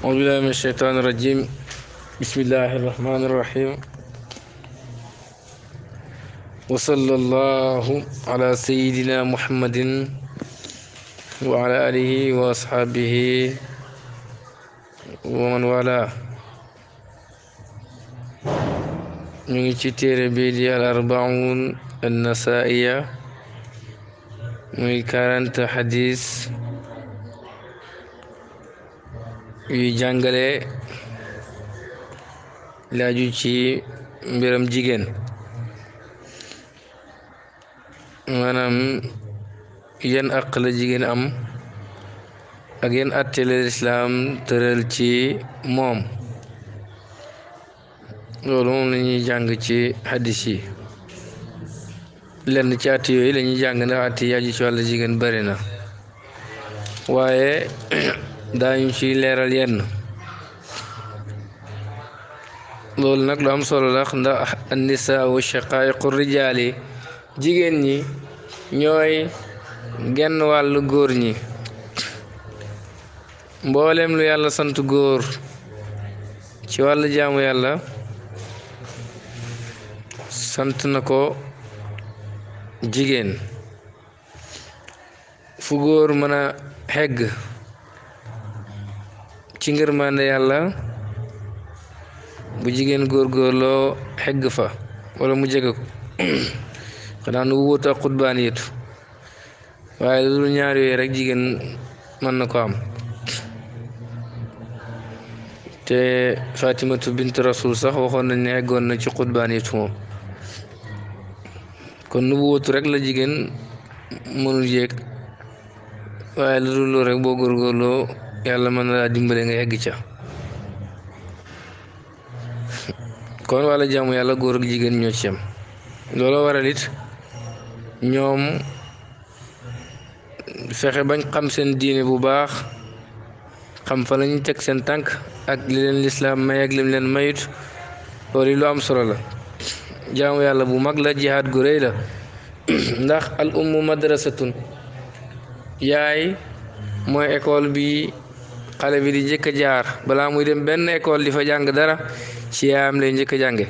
أعوذ بالله من الشيطان الرجيم بسم الله الرحمن الرحيم وصلى الله على سيدنا محمد وعلى آله وأصحابه ومن والاه من ngi بيدي الأربعون النسائية من كارنت حديث yuy jàngale laaju ci mbiram jigéen maanaam yan àq jigéen am ak yan àtte la tëral ci moom loolu moom la ñuy jàng ci xaddis yi lenn ci atti yooyu la ñuy jàng na àtt yi aju ci wàllu jigéen bari na waaye daañu ciy leeral yenn loolu nag lu am solo la ndax annisaau shaqaayiqu jaale jigéen ñi ñooy genn wàllu góor ñi mboolem lu yàlla sant góor ci wàllu jaamu yàlla sant na ko jigéen fu góor mën a xegg ci ngërmande yàlla bu jigéen góorgóorloo xegg fa wala mu jege ko xanaa nu wóotu ak xutbaan yétu waaye lu dul ñaar yooyu rek jigéen mën na ko am te fatimatu bint rasul sax waxoon nañ na ci xutbaan yétu moom la jigéen mënul yéeg waaye lu dul loolu rek boo góorgóorloo yàlla mën na laa dimbale nga yegg ca kon wala jaamu yàlla góor ak jigéen ñoo ci am looloo waral it ñoom fexe bañ xam seen diine bu baax xam fa lañu teg seen tànk ak li leen lislaam may ak lim leen mayut loolu lu am solo la jaamu yàlla bu mag la jihaad gu rëy la ndax al ummu madrasatun yaay mooy école bi xale bi di njëkk a jaar balaa muy dem benn école di fa jàng dara ci yaayam lay njëkk a jànge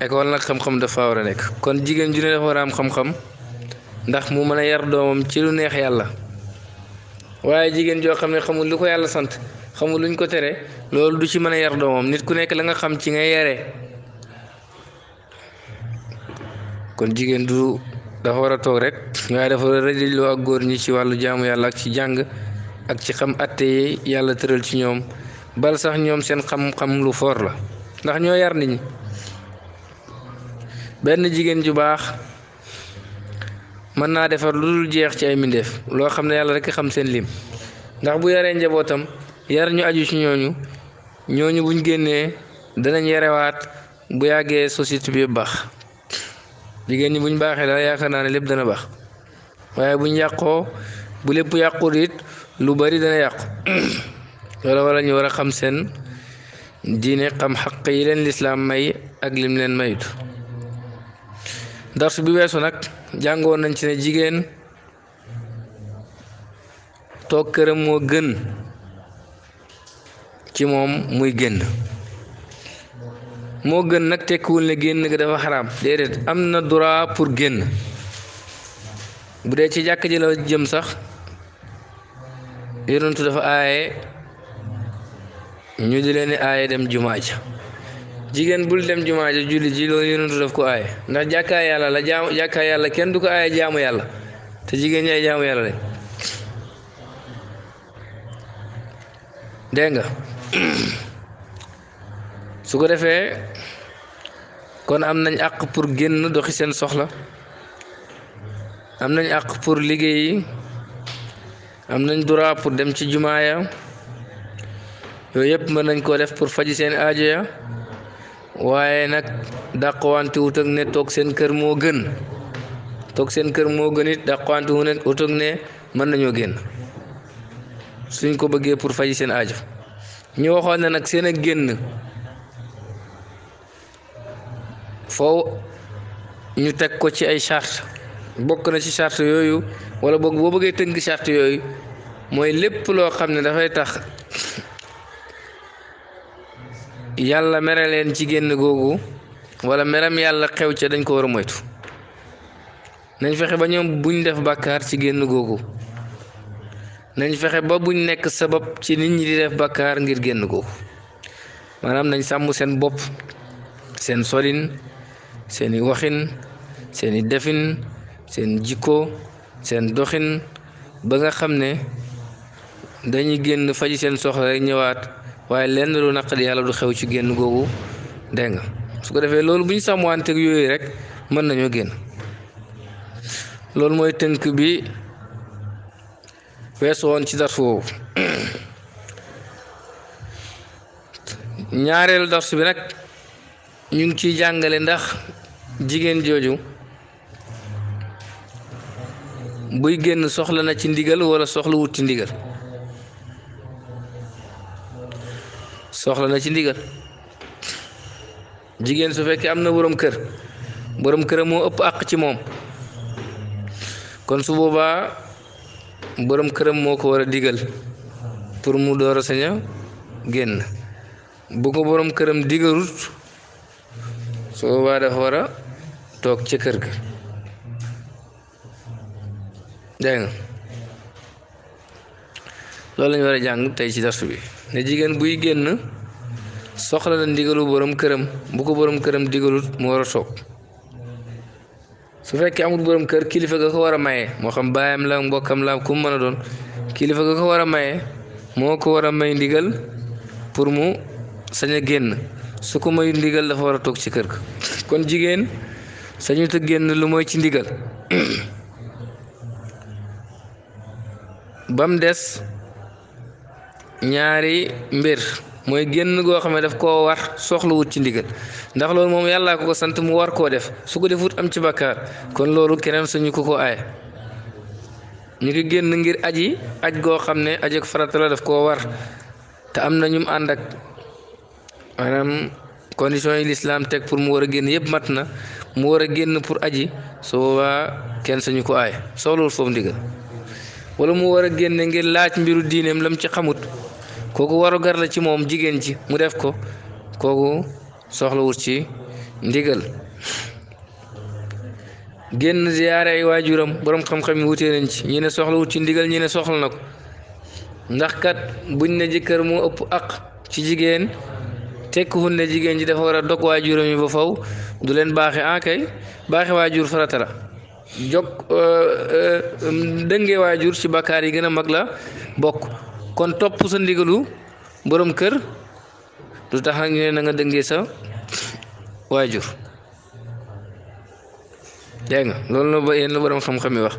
école nag xam-xam dafa war a nekk kon jigéen ju ne dafa war a am xam-xam ndax mu mën a yar doomam ci lu neex yàlla waaye jigéen joo xam ne xamul lu ko yàlla sant xamul luñ ko tere loolu du ci mën a yar doomam nit ku nekk la nga xam ci nga yare kon jigéen du da war a toog rek waaye dafa war ak góor ñi ci wàllu jaamu yàlla ak ci jàng ak ci xam atteye yàlla tëral ci ñoom bal sax ñoom seen xam-xam lu for la ndax ñoo yar nit ñi benn jigéen ju baax mën naa defar lu dul jeex ci ay mindeef loo xam ne yàlla rek xam seen lim ndax bu yaree njabootam yar ñu aju ci ñooñu ñooñu buñ génnee danañ yarewaat bu yàggee société bi baax jigéen ñi bu ñu baaxee daal yaakaar naa ne lépp dana baax waaye bu ñu yàqoo bu lépp yàqut it lu bari dana yàqu war a ñu war a xam seen diine xam xaq yi leen lislaam may ak lim leen mayut darsu bi weesu nag jàngoon nañ ci ne jigéen toog këram moo gën ci moom muy génn moo gën nag tekkiwul ne génn nga dafa xaraam déedéet am na droit pour génn bu dee ci jàkk ji la jëm sax yonentu dafa aaye ñu di leen aaye dem jumaa jigéen bul dem jumaa ja julli ji loolu yonentu daf ko aaye ndax jàkkaa yàlla la jaamu jàkkaa yàlla kenn du ko aaye jaamu yàlla te jigéen ñi ay jaamu yàlla lañ dégg nga su ko defee kon am nañ àq pour génn doxi seen soxla am nañ àq pour liggéeyi am nañ droit pour dem ci jumaa jumaaya yooyu yëpp mën nañ koo def pour faji seen aajo ya waaye nag dàqwante wut ak ne toog seen kër moo gën toog seen kër moo gën it dàqwante wut ak ne mën nañoo génn suñ ko bëggee pour faji seen ajo ñu waxoon ne nag seen a génn foofu ñu teg ko ci ay charte bokk na ci charte yooyu wala boog boo bëggee tënk charte yooyu mooy lépp loo xam ne dafay tax yàlla mere leen ci génn googu wala meram yàlla xew ca dañ ko war a moytu nañ fexe ba ñoom buñ def bàkkaar ci génn googu nañ fexe ba buñ nekk sabab ci nit ñi di def bàkkaar ngir génn googu maanaam nañ sàmm seen bopp seen solin seeni waxin seeni defin seen jikko seen doxin ba nga xam ne dañuy génn faji seen soxla rek ñëwaat waaye lenn lu naqari yàlla du xew ci génn googu dégg nga su ko defee loolu bu ñu sàmmanteeg yooyu rek mën nañoo génn loolu mooy tënk bi weesu woon ci dars woowu ñaareelu dars bi nag ñu ciy jàngale ndax. Jigen joju buy génn soxla na ci ndigal wala soxla wut ci ndigal soxla na ci ndigal jigéen su fekkee am na borom kër borom kër moo ëpp àq ci moom kon su boobaa borom këram moo ko war digal pour mu door a sañ a génn bu ko borom këram digalut su boobaa dafa war a toog ci kër gi dégg loolu lañu war a jàng tey ci darsu bi ne jigéen buy génn soxla na ndigalu borom këram bu ko borom këram digalut mu war a toog su fekkee amul borom kër kilifa ga ko war a maye moo xam baayam la mbokkam la ku mën a doon kilifa ga ko war a maye moo ko war a may ndigal pour mu sañ a génn su ko mayu ndigal dafa war a toog ci kër gi kon jigéen sañu ta génn lu mooy ci ndigal ba mu des ñaari mbir mooy génn goo xam ne daf koo war soxlawut ci ndigal ndax loolu moom yàllaa ko ko sant mu war koo def su ko defut am ci bakkaar kon loolu keneen suñu ko ko aaye ñu ngi génn ngir aji aj goo xam ne aj ak farata daf koo war te am na ñu mu ànd ak maanaam condition yi lislaam teg pour mu war a génn yëpp mat na mu war a génn pour aji su boobaa kenn sañu ko aay soxlawul foofu ndigal wala mu war a génn ngir laaj mbiru diineem lam ci xamut kooku waru gar la ci moom jigéen ji mu def ko kooku soxlawul ci ndigal génn ziyaare waajuram boroom xam-xam yi wutee nañ ci ñi ne wut ci ndigal ñi ne soxla na ko ndax kat buñ ne jëkkër moo ëpp aq ci jigéen tekkiwul ne jigéen ji dafa war a dog waajuram yi ba faw du leen baaxe ah kay baaxe waajur farata la jog euh, euh, um, dëngee waajur ci bakkaar yi gën a mag la bokk kon topp sa ndigalu boroom kër du tax nag ñu ne na nga dëngee sa waajur dégg nga loolu la ba yéen la borom xam-xam yi wax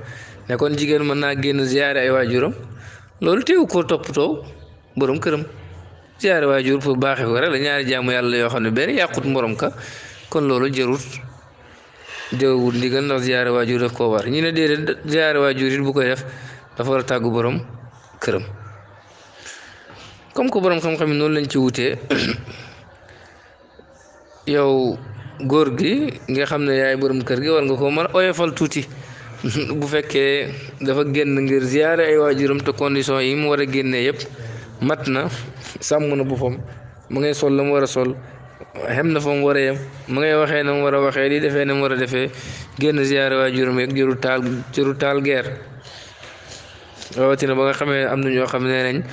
ne kon jigéen mën naa génn ziyaare ay waajuram loolu teewu ko toppatoo boroom këram. ziyaare waajur pour baaxee ko rek la ñaari jaamu yàlla yoo xam ne benn yàqut morom ka kon loolu jërut jëwwut ndigal ndax ziyaare waajur daf koo war ñu ne déedéet ziyaare waajur bu koy def dafa war a tàggu borom këram comme que borom xam-xam yi noonu lañ ci wute yow góor gi nga xam ne yaay borom kër gi war nga ko man a oyofal tuuti bu fekkee dafa génn ngir ziyaare ay waajuram te condition yi mu war a génnee yëpp mat na sàmm na bu boppam mu ngay sol la mu war a sol xem na fa war a yem mu ngay waxee na mu war a waxee di defee na mu war a defee génn ziyaare waa juróom yeeg jëru taal jëru taal geer ba nga xamee am na ñoo xam ne nañ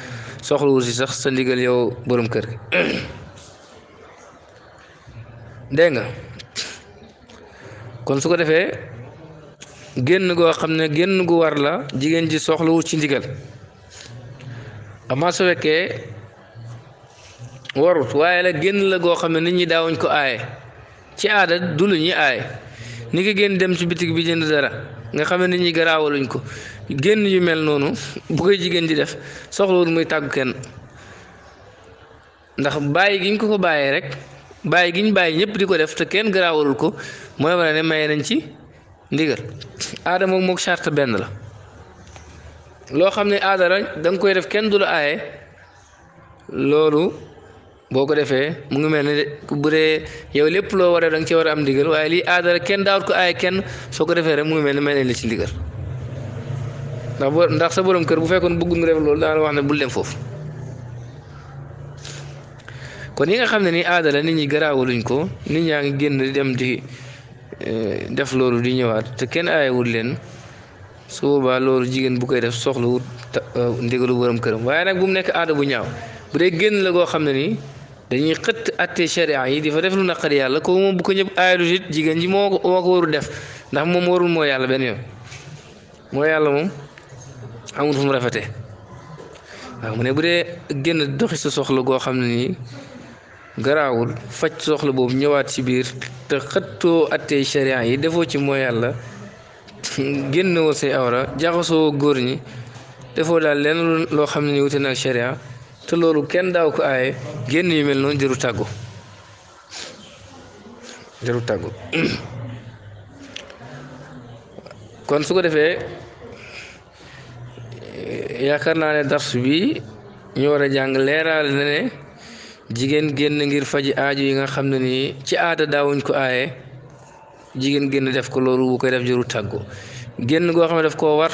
soxlawul si sax sa ndigal yow borom kër dégg nga kon su ko defee génn goo xam ne génn gu war la jigéen ji soxlawul ci ndigal amma su fekkee warut waaye la génn la goo xam ne nit ñi daawuñ ko aaye ci aada du lu aaye ni nga génn dem ci bitig bi jënd dara nga xam ne ñi garaawaluñ ko génn yu mel noonu bu koy jigéen di def soxlawul muy tàggu kenn ndax bàyyi giñ ko ko bàyyee rek bàyyi giñ bàyyi ñëpp di ko def te kenn garaawalul ko mooy wane ne may nañ ci ndigal aada moom mook charte benn la loo xam ne aada la koy def kenn du la aaye loolu boo ko defee mu ngi mel ne bu dee yow lépp loo war a da nga war a am ndigal waaye lii aada la kenn daawut ko aaye kenn soo ko defee rek mu ngi mel ne mel nañ la ci ndigal ndax boo ndax sa borom kër bu fekkoon bëggul nga def loolu daanaka wax ne bul dem foofu kon yi nga xam ne ni aada la nit ñi garaawaluñ ko nit ñaa ngi génn di dem di eh, def loolu di ñëwaat te kenn aayewul leen. su boobaa loolu jigéen bu koy def soxla wut euh, ndigalu borom këram waaye nag bu mu nekk aada bu ñaaw bu dee génn la goo xam ne nii dañuy xëtt atte sharia yi di fa def lu ko moom bu ko ñëpp aayalut jigéen ji moo ko warul def ndax moom warul moo yàlla benn yoon moo yàlla moom amul fu rafetee waaw mu ne bu dee génn doxi sa soxla goo xam ne nii garaawul faj soxla boobu ñëwaat ci biir te xëttoo atte sharia yi defoo ci moo yàlla génnewoo say awra jaxasoo góor ñi defoo daal lenn loo xam ne ni wute na ak te loolu kenn daaw ko aaye génn yu mel noonu jëru tàggu jëru tàggu kon su ko defee yaakaar naa ne dars bi ñu war a jàng leeraal na jigéen génn ngir faji aaju yi nga xam ne nii ci aada daawuñ ko aaye jigéen génn def ko loolu bu koy def jarul tàggoo génn goo xam ne daf koo war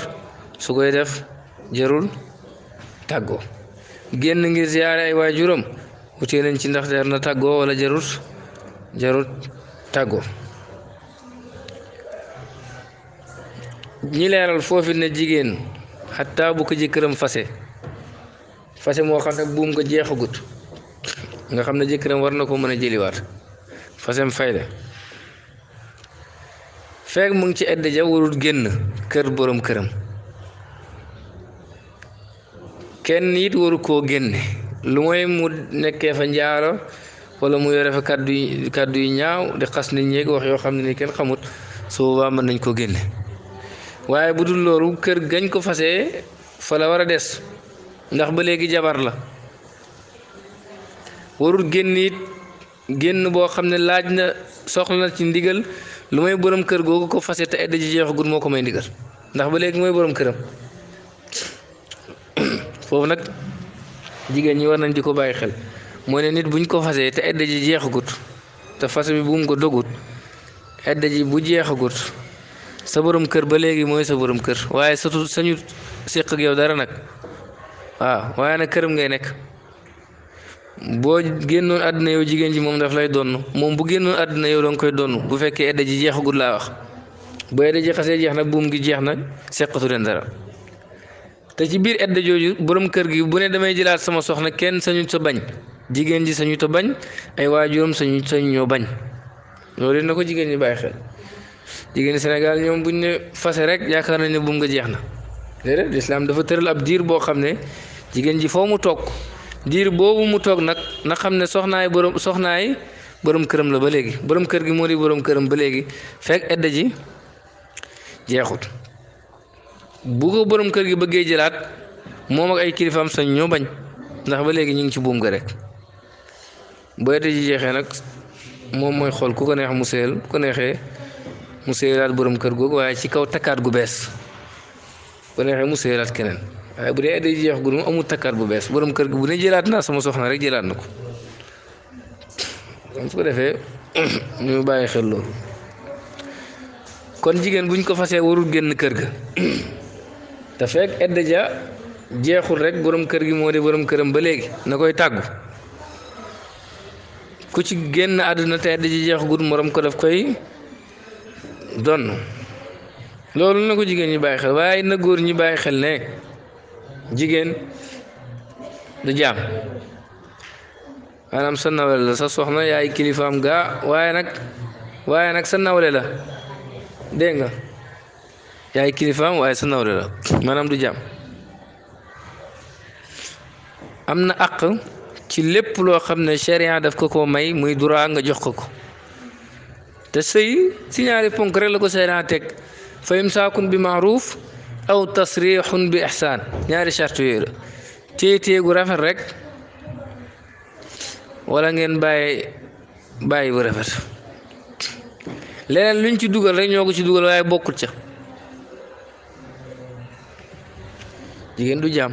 su koy def jarul tàggu génn ngir ziyaare ay waajuram wutee nañ ci ndax jar na tàggoo wala jarut jarut tàggoo ñi leeral foofu ne jigéen xataa bu ko jëkkëram fase fase moo xam ne buum ko jeexagut nga xam ne jëkkëram war na ko mën a jëliwaat fasem fayda fekk mu ngi ci edd ja warul génn kër boroom këram kenn it waru koo génne lu mooy mu nekkee fa njaaro walla mu yore fa kàddu yi ñaaw di xas nit ñeeg wax yoo xam ne ni kenn xamut su boobaa mën nañ koo génne waaye bu dul loolu kër gañ ko fase fa la war a des ndax ba léegi jabar la warul génn it génn boo xam ne laaj na soxla na ci ndigal lu may borom kër googu ko fase te edda ji jeexagut moo ko may ndigal ndax ba léegi mooy borom këram foofu nag jigéen ñi war nañ di ko bàyyi xel mooy ne nit buñ ko fasee te edda ji jeexagut te fase bi bu mu ko dogut edda ji bu jeexagut sa borom kër ba léegi mooy sa borom kër waaye surtout sañu séq ak yow dara nag waaw waaye nag këram ngay nekk boo génnoon àdduna yow jigéen ji moom daf lay donn moom bu génnoon àdduna yow da koy donn bu fekkee edda ji jeexagul laa wax bu edda ji xasee jeex na buum gi jeex na seqatu leen dara te ci biir edda jooju borom kër gi bu ne damay jëlaat sama soxna kenn sañu sa bañ jigéen ji sañu bañ ay waajuram sañu sañu ñoo bañ loolu it na ko jigéen ñi bàyyi xel jigéen Sénégal ñoom buñ ne fase rek yaakaar nañ ne buum nga jeex na déedéet lislaam dafa tëral ab diir boo xam ne jigéen ji foo mu toog diir boobu mu toog nag na xam ne soxnaay borom soxnaay borom këram la ba léegi borom kër gi moo di borom këram ba léegi fekk edda ji jeexut bu ko borom kër gi bëggee jëlaat moom ak ay kilifaam sañ ñoo bañ ndax ba léegi ñu ngi ci buum ga rek bu edda jeexee nag moom mooy xool ku ko neex mu seel ku ko neexee mu seelaat borom kër googu waaye ci kaw takkaat gu bees ku ko neexee mu keneen. waaye bu dee day amul takkaat bu bees borom kër gi bu ne jëlaat naa sama soxna rek jëlaat ko defee bàyyi xel kon jigéen buñ ko fasee warul génn kër ga te fekk jeexul rek boroom kër gi moo di borom këram ba léegi na koy tàggu ku ci génn àdduna te edd ji jeexagut morom ko daf koy donn loolu na ko jigéen ñi bàyyi xel waaye na góor ñi bàyyi xel ne jigéen du jaam maanaam sa nawle la sa soxna yaay kilifaam gaa waaye nag waaye nag sa nawle la dégg nga yaay kilifaam waaye sa nawle la du jaam am na àq ci lépp loo xam ne sharia def ko koo may muy duraa nga jox ko ko te sëy si ñaari ponk rek la ko sharia teg fa imsaakun bi maaruf aw tasrixun bi ihsaan ñaari charte yooyu la téye gu rafet rek wala ngeen bàyyi bàyyi bu rafet leneen luñ ci dugal rek ñoo ko ci dugal waaye bokkut ca jigéen du jaam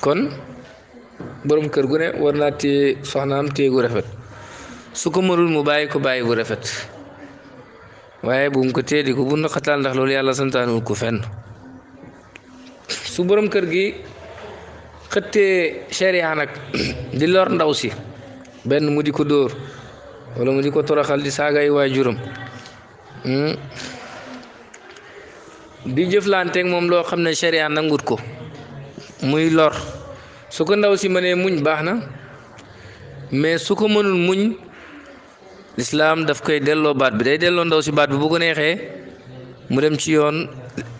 kon borom kër gu ne war naa téye soxnaam téye gu rafet su ko mënul mu bàyyi ko bàyyi bu rafet waaye bu mu ko téye di ko bund xataal ndax loolu yàlla santaanul ko fenn su borom kër gi xëttee sharia nag di lor ndaw si benn mu di ko dóor wala mu di ko toroxal di saagay waajuram hmm, di jëflanteeg moom loo xam ne sharia nangut ko muy lor su ko ndaw si mënee muñ baax na mais su ko mënul muñ lislaam daf koy delloo baat bi day delloo ndaw si baat bi bu ko neexee mu dem ci yoon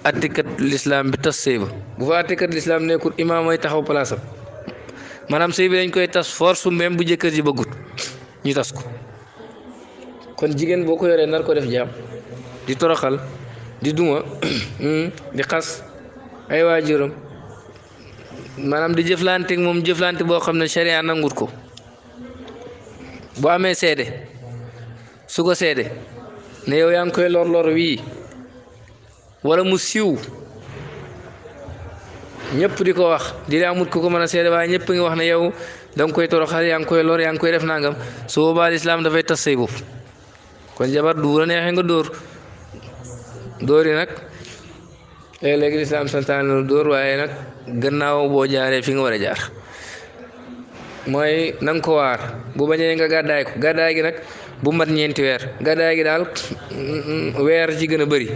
attikat lislaam bi tas sëy ba bu fa attikat lislaam nekkul imaam mooy taxaw palaasam maanaam sëy bi dañ koy tas force même bu jëkkër ji ba bëggut ñu tas ko kon jigéen boo ko yoree nar ko def jaam di toroxal di duma di xas ay waajuram maanaam di jëflante moom jëflante boo xam ne sharia nangut ko bu amee seede su ko seede ne yow yaa ngi koy lor lor wii wala mu siw ñëpp di ko wax di la amut ku ko mën a seede waaye ñëpp ngi wax ne yow da nga koy toroxal yaa ngi koy lor yaa koy def nangam su boobaa lislaam dafay tas say bopp kon jabar du a neexee nga dóor dóor yi nag léegi lislaam santaane dóor waaye nag gannaaw boo jaaree fi nga war a jaar mooy na ko waar bu bañee nga gàddaay gàddaay gi nag bu mat ñeenti weer gàddaay gi daal weer ci gën a bari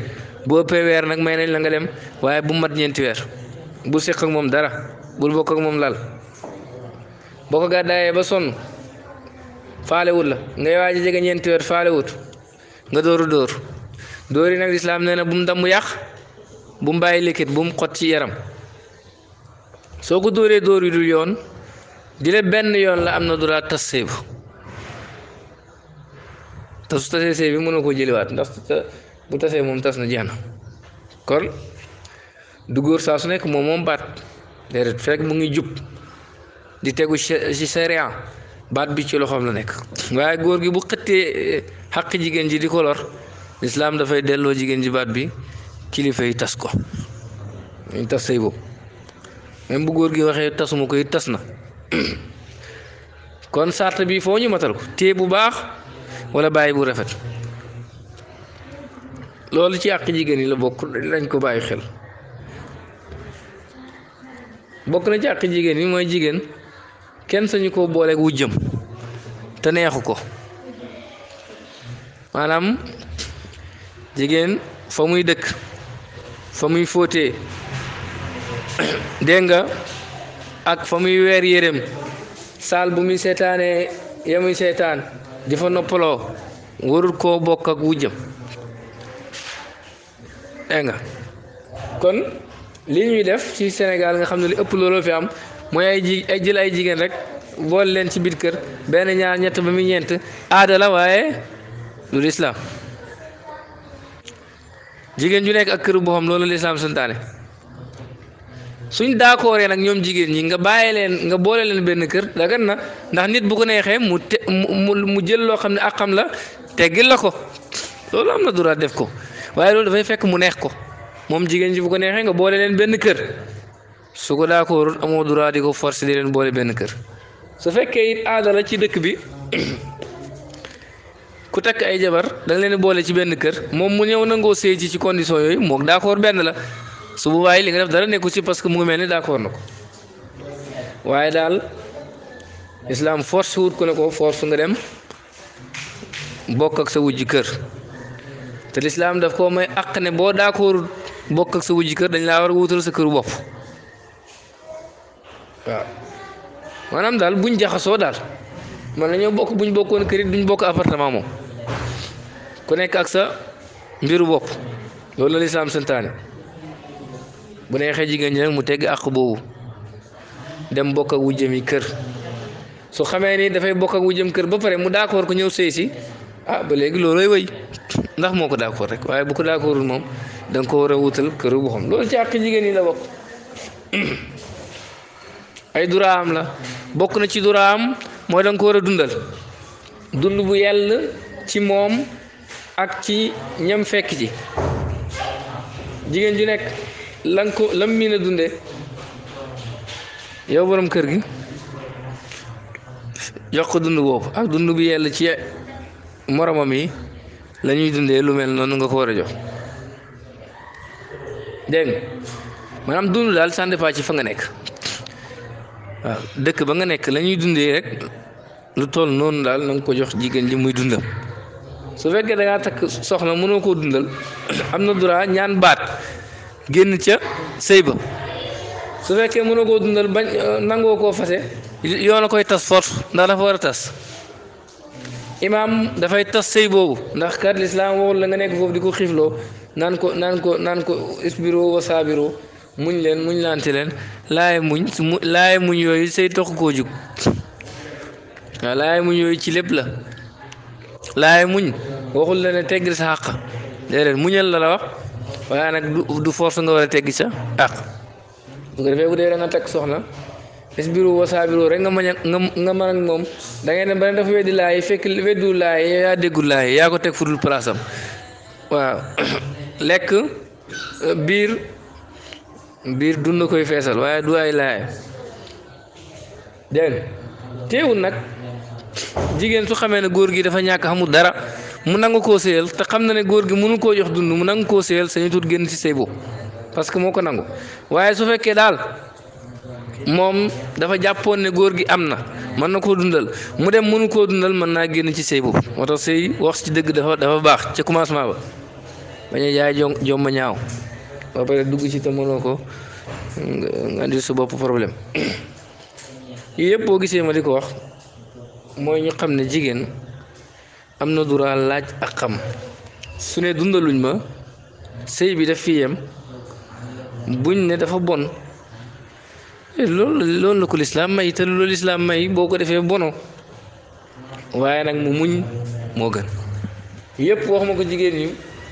bu ëppee weer nag may nañ la nga dem waaye bu mat ñeenti weer bu seq ak moom dara bul bokk ak moom lal boo ko gàddaayee ba sonn faalewut la ngay waaj a jege ñeenti weer faalewut nga dóoru dóor dóor yi nag lislaam nee na bu mu damm yàq bu mu bàyyi liquide bu mu xot ci yaram soo ko dóoree dóor yu dul yoon di la benn yoon la am na du laa tas séebu te su tasee sëy bi mënoo koo jëliwaat ndax bu tasee moom tas na jeex na kon du góor saa su nekk moom moom baat déedéet fekk mu ngi jub di tegu ci sharia baat bi ci loxoom la nekk waaye góor gi bu xëttee eh, xaq jigéen ji di ko lor lislaam dafay delloo jigéen ji baat bi kilifa yi tas ko ñu tas say boobu même bu góor gi waxee tasuma ko it tas na kon sart bi foo ñu matal ko téye bu baax. wala bàyyi bu rafet loolu ci àq jigéen yi la bokk lañ ko bàyyi xel bokk na ci àq jigéen yi mooy jigéen kenn sañu ko booleeg wu jëm te neexu ko maanaam jigéen fa muy dëkk fa muy fóotee dégg nga ak fa muy weer yéreem saal bu muy seetaanee ya muy seetaan di noppaloo warul ko bokk ak wujjam dégg kon li ñuy def ci Sénégal nga xam ne li ëpp looloo fi am mooy ay ji ay jël ay jigéen rek bool leen ci biir kër benn ñaar ñett ba muy ñeent aada waaye lu lislaam jigéen ju nekk ak kër boo xam loolu lislaam santaane suñ daakooree nag ñoom jigéen ñi nga bàyyi leen nga boole leen benn kër dagan na ndax nit bu ko neexee mu te mu jël loo xam ne ak xam la teggil la ko loolu am na droit def ko waaye loolu dafay fekk mu neex ko moom jigéen ji bu ko neexee nga boole leen benn kër su ko daakoorul amoo droit di ko forcer di leen benn kër su fekkee it ci dëkk bi ku takk ay jabar da leen boole ci benn kër moom mu ñëw nangoo séy ci ci condition yooyu moog d'accord benn la. su bu waaye li nga def dara nekku ci parce que mu ngi mel ni d'accord na ko waaye daal islam force wut ko ne ko force nga dem bokk ak sa wujj kër te lislaam daf koo may àq ne boo d'accord bokk ak sa wujj kër dañ laa war a wutal sa këru bopp waaw maanaam daal buñ jaxasoo daal man nañoo bokk buñ bokkoon kër it duñ bokk appartement moom ku nekk ak sa mbiru bopp loolu la lislaam santaane bu neexee jigéen ñi nag mu tegg àq boobu dem bokk ak wujjëm kër su xamee ni dafay bokk ak wujjëm kër ba pare mu d'accord ko ñëw sëy si ah ba léegi ay wëy ndax moo ko d'accord rek waaye bu ko d'accordul moom da ko war a wutal kër këru boppam loolu ci àq jigéen ñi la bokk ay duraam la bokk na ci duraam mooy da ko war a dundal dund bu yàlla ci moom ak ci ñam fekk ji jigéen ju nekk la nga ko lam miin dunde yow borom kër gi jox ko dund boobu ak dund bi yàlla ci moromam yi lañuy ñuy dundee lu mel noonu nga ko war a jox dégg maanaam dund daal ça ci fa nga nekk waaw dëkk ba nga nekk la ñuy dundee rek lu toll noonu daal na ko jox jigéen ji muy dundam su fekkee da ngaa takk soxna mënoo koo dundal am na droit ñaan baat. génn ca sëy ba su fekkee mënoo koo dundal bañ euh, nangoo koo fase yoon a koy tas force ndax dafa war a tas imaam dafay tas sëy boobu ndax kat lislaam waxul la nga nekk foofu di ko xiifloo naan ko naan ko naan ko isbiro wa muñ leen muñ laante leen laaye muñ su mu laaye muñ yooyu sëy tox koo jug waaw laaye muñ yooyu ci lépp la laaye muñ waxul la ne teggil sa xàq déedéet muñal la la wax waaye nag du du force nga war a teggi sa àq bu ko defee bu dee da nga takk soxna isbiru wa rek nga mën a nga mën ak moom da dafa weddi laay fekk weddu laay yaa déggul laay yaa ko teg fudul place am waaw lekk biir biir dund koy feesal waaye du ay laay dégg teewul nag jigéen su xamee ne góor gi dafa ñàkk xamul dara. mu nangu koo séyal te xam na ne góor gi mënu koo jox dund mu nangu koo séyal sañu tut génn ci sëy boobu parce que moo ko nangu waaye su fekkee daal moom dafa jàppoon ne góor gi am na mën na koo dundal mu dem mënu koo dundal mën naa génn ci sëy boobu moo sëy wax ci dëgg dafa dafa baax ca commencement ba bañ a jaay jom ma ñaaw ba pare dugg ci te mënoo ko nga andi sa bopp problème yooyu gisee ma di ko wax mooy ñu xam ne jigéen. am na droit laaj ak xam su ne dundaluñ ma sëy bi daf fi yem buñ ne dafa bon eh, loolu loolu la ko lislaam may te loolu lislaam may boo ko defee bono waaye nag mu muñ moo gën yëpp ma ko jigéen ñi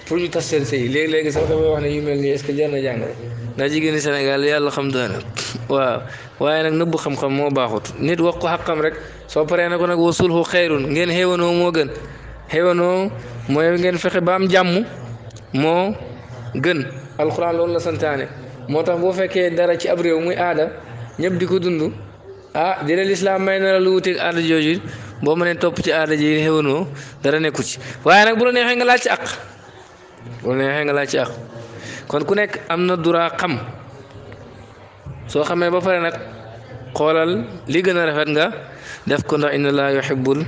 pour ñu tas seen sëy léegi-léegi sax damay wax ne yu mel nii est-ce na jàng ndax jigéeni Sénégal yàlla xam daana waaw waaye nag nëbb xam-xam moo baaxut nit wax ko xam rek soo paree na ko nag wasulhu xayrun ngeen xéewanoo moo gën xéwanoo mooy ngeen fexe ba am jàmm moo gën alxuraan loolu la santaane moo tax boo fekkee dara ci ab réew muy aada ñëpp di ko dund ah dina lislaam may na la lu wuteeg aada jooju boo mënee topp ci aada ji xéwanoo dara nekku ci waaye nag bu la neexee nga laaj ci àq bu la neexee ci kon ku nekk am na duraa xam soo xamee ba pare nag xoolal li gën a rafet nga def ko ndax inna laa yuhibbul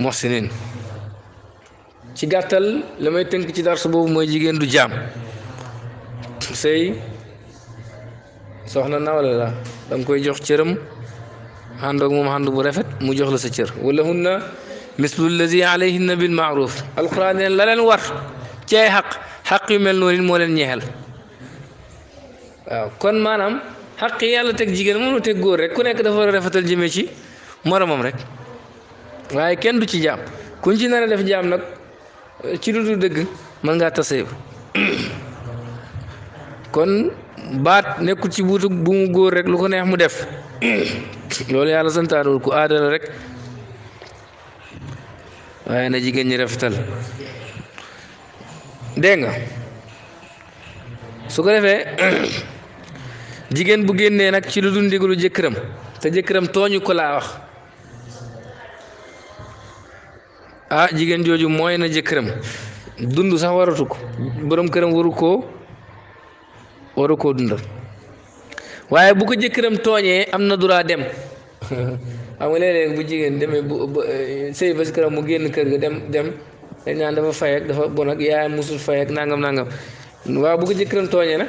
muhsinin ci gàttal la may tënk ci darsu boobu mooy jigéen du jaam sëy soxna na wala la da koy jox cëram àndoog moom ànd bu rafet mu jox la sa cër wala hunna mislu allazi alayhinna bil maaruf alquran neen la leen war ci ay xaq xaq yu mel noonu moo leen ñeexel kon maanaam xaq yi yàlla teg jigéen moom la teg góor rek ku nekk dafa war a rafetal jëmee ci moromam rek waaye kenn du ci jaam kuñ ci nar def jaam nag ci lu dul dëgg mën ngaa tasee kon baat nekkul ci buutu bu mu góor rek lu ko neex mu def loolu yàlla santaanul ku aadala rek waaye na jigéen ñi rafetal dégg nga su ko defee jigéen bu génnee nag ci lu dul ndigalu jëkkëram te jëkkëram tooñu ko laa wax ah jigéen jooju mooy na jëkkëram dund sax waratu ko borom këram waru koo waru koo dundal waaye bu ko jëkkëram tooñee am na droit dem xam nga léeg-léeg bu jigéen demee bu eh, sëy ba këram mu génn kër ga dem dem dañ naan dafa fay dafa bon ak yaayam musul fay nangam nangam waaw bu ko jëkkëram tooñee nag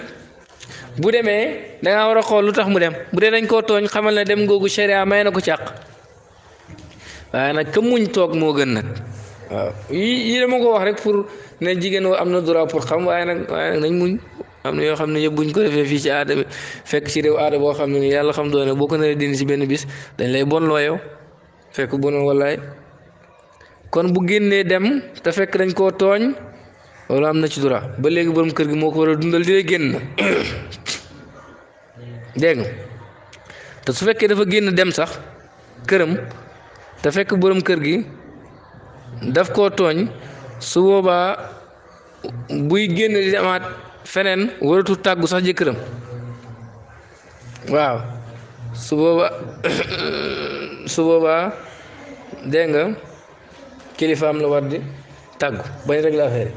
bu demee da war a xool lu tax mu dem bu dee dañ koo tooñ xamal ne dem googu sharia may na ko càq waaye nag ka muñ toog moo gën nag waaw yi dama ko wax rek pour ne jigéen am na droit pour xam waaye nag nañ muñ am na yoo xam ne yëpp buñ ko defee fii ci aada fekk ci réew aada boo xam ne ni yàlla xam doone boo ko naree dindi si benn bis dañ lay bon loo yow fekk bonoon wallaay kon bu génnee dem te fekk dañ koo tooñ loolu am na ci droit ba léegi borom kër gi moo ko war a dundal di lay génn dégg te su fekkee dafa génn dem sax këram te fekk borom kër gi daf ko tooñ su boobaa buy génn di feneen waratu tàggu sax jëkkëram waaw su boobaa su nga kilifaam la war di tàggu bañ rek la affaire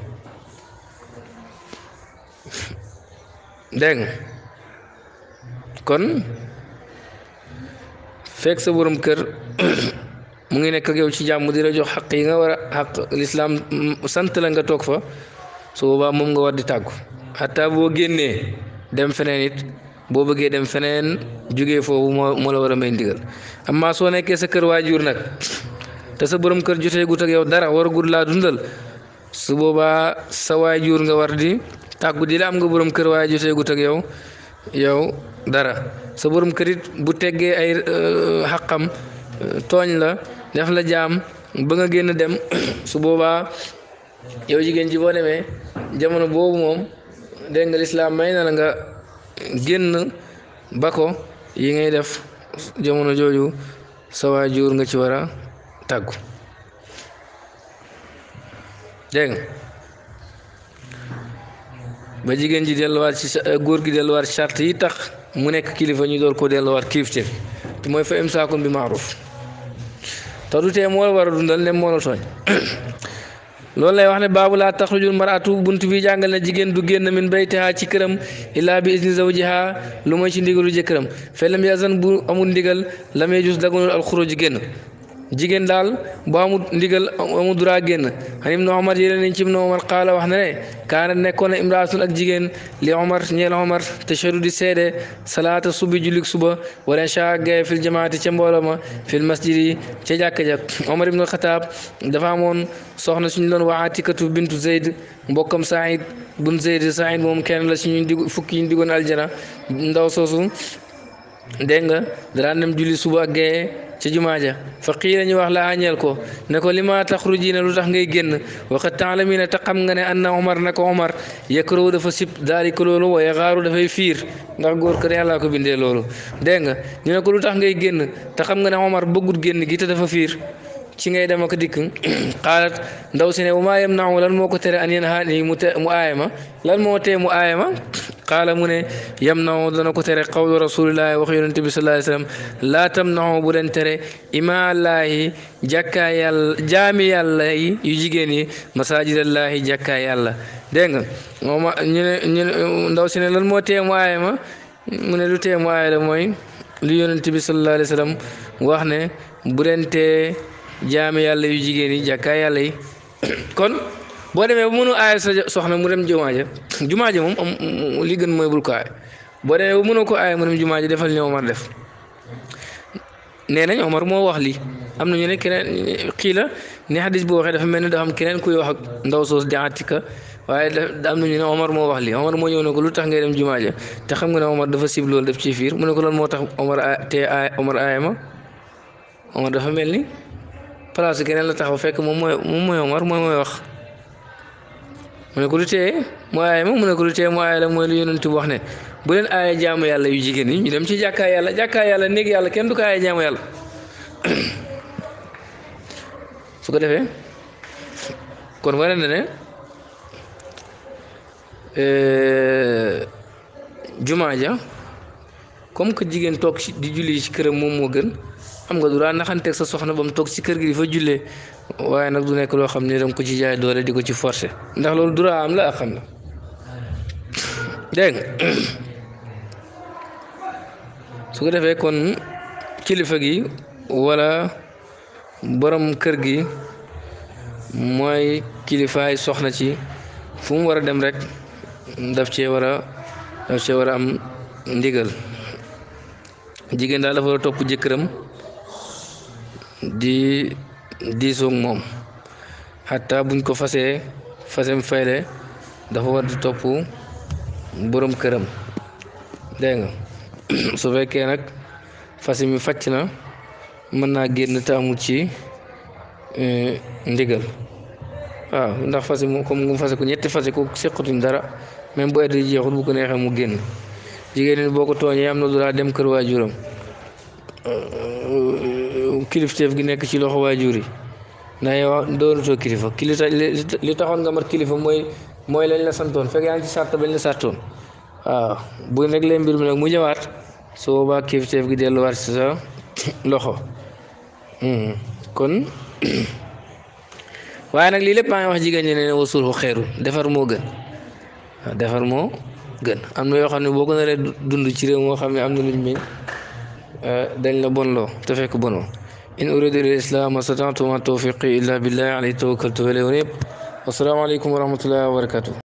kon fekk sa borom kër mu ngi nekk ak yow ci jàmm di la jox xaq yi nga war a xaq lislaam mm, sant la nga toog fa su boobaa moom nga war di tàggu xataa boo génnee dem feneen it boo bëggee dem feneen jógee foofu moo moo war a may ndigal amma soo nekkee sa kër waajur nag te sa borom kër jotee gut ak yow dara war gut laa dundal su boobaa sa waajur nga war di tàggu di la am nga borom kër waaye jotee gut ak yow yow dara sa borom kërit it bu teggee ay euh, xaqam euh, tooñ la def la jaam ba nga génn dem su boobaa yow jigéen ji boo demee jamono boobu moom dégg nga lislaam may na la nga génn ba yi ngay def jamono jooju sa jur nga ci war a tàggu dégg nga ba jigéen ji delluwaat ci góor gi delluwaat charte yi tax mu nekk kilifa ñuy door ko delluwaat kilifteef te mooy fa imsaakun bi maaruf te du tee moo la war a dundal ne moo la tooñ loolu lay wax ne baabu laa taxrujul maratu bunt bi jàngal na jigéen du génn min baytiha ci këram illaa bi izni zawjiha lu mooy ci ndigalu jëkkëram felam yazan bu amul ndigal la may jus daganul alxuruj génn jigéen daal bu amul ndigal amul dura génn xan ibnu omar yélee nañ ci ibnu omar qaala wax na ne nekkoon na imraatun ak jigéen li omar ñeel omar te chadu di seede salaata subi julik suba wala incha gaye fil jamaati ca mbooloo ma fil masjid yi ca jàkka ja omar ibnu xataab dafa amoon soxna suñu doon wax atikatu bintu zeyd mbokkam saïd bun zeyd saïd moom kenn la suñu dig fukki ñu digoon aljana ndaw soosu dégg nga daan julli suba ak ca jumaa ja fa qiila ñu wax la añeel ko ne ko lima taxrujiina lu tax ngay génn waxat taalamiina te xam nga ne anna Omar naka Omar yakrahu dafa sib daalika loolu wa yaxaaru dafay fiir ndax góor kër yàllaa ko bindee loolu dégg nga ñu ne ko lu tax ngay génn te xam nga ne Omar bëggut génn gi te dafa fiir ci ngay dem ak dikk xaalat ndaw si ne wa maa yamna'u lan moo ko tere an yanha mu te lan moo tee mu aayama qaala mu ne yamna'u dana ko tere qawlu rasulillahi wax laa tamna'u bu leen tere imaallaahi yu jigéen yi masajidallaahi jàkkaa yàlla dégg nga mooma ñu ne ñu ndaw si ne lan moo tee mu aayama mu ne lu tee mu aayala mooy li yonente bi sallallahu alayhi wax ne bu jaami yàlla yu jigéen yi jàkkaay yàlla yi kon boo demee ba mënu aayal sa soxna mu dem jumaa ja jumaa ja moom li gën mooy bul ko aay boo demee ba mënoo ko aay mu dem jumaa ja defal ni Omar def nee nañ Omar moo wax lii am na ñu ne keneen la ne xadis waxee dafa mel ni dafa am wax ak ndaw soos di Atika waaye da am ñu ne Omar wax lii moo ñëw ne lu tax dem jumaa ja te xam nga ne dafa sib def ci fiir mu ko loolu moo tax Omar a te dafa mel ni place keneen la taxaw fekk moom mooy moom mooy Omar moom mooy wax mu ne ko du tee mu aaye ma mu ne ko du tee mu aaye la mooy lu yonent wax ne bu leen aaye jaamu yàlla yu jigéen ñi ñu dem ci jàkkaay yàlla jàkkaay yàlla néeg yàlla kenn du ko aaye jaamu yàlla su ko defee kon wane na ne euh, jumaa ja comme que jigéen toog di julli ci këram moom moo gën xam nga du daan sa soxna ba mu toog ci kër gi di fa jullee waaye nag du nekk loo xam ne danga ko ci jaay doole di ko ci forcer ndax loolu duraa am la xam la dégg nga ko defee kon kilifa gi walla borom kër gi mooy kilifaay soxna ci fu mu war a dem rek daf cee war a daf cee war a am ndigal jigéen daal dafa war topp jëkkëram di diisoog moom xataa buñ ko fasee fasem fayle dafa war di topp borom këram dégg nga su fekkee nag fase mi fàcc na mën naa génn te ci e, ndigal waaw ndax fase mu comme nga fase ko ñetti fase ko seqatuñ dara même bu eddi jeexul bu ko neexee mu génn jigéen ñi boo ko tooñee am na du laa dem kër waajuram kilifteef gi nekk ci loxo waajur yi ndax yow doonatoo kilifa kilifa li taxoon nga mat kilifa mooy mooy lañ la santoon fekk yaa ngi ci sàrt bañ la sàrtoon waaw bu mbir mi nag mu ñëwaat su gi delluwaat ci sa loxo hmm. kon waaye nag lii lépp maa ngi wax jigéen ñi ne wasulhu xeeru defar moo gën defar moo gën am na yoo xam ne boo ko naree dund ci réew moo xam ne am na luñ meñ eh, dañ la bonloo te fekk bonoo إن أريد الإسلام ما توفيقي إلا بالله عليه توكلت وليه والسلام عليكم ورحمة الله وبركاته